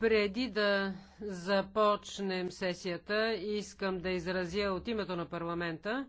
Преди да започнем сесията, искам да изразя от името на парламента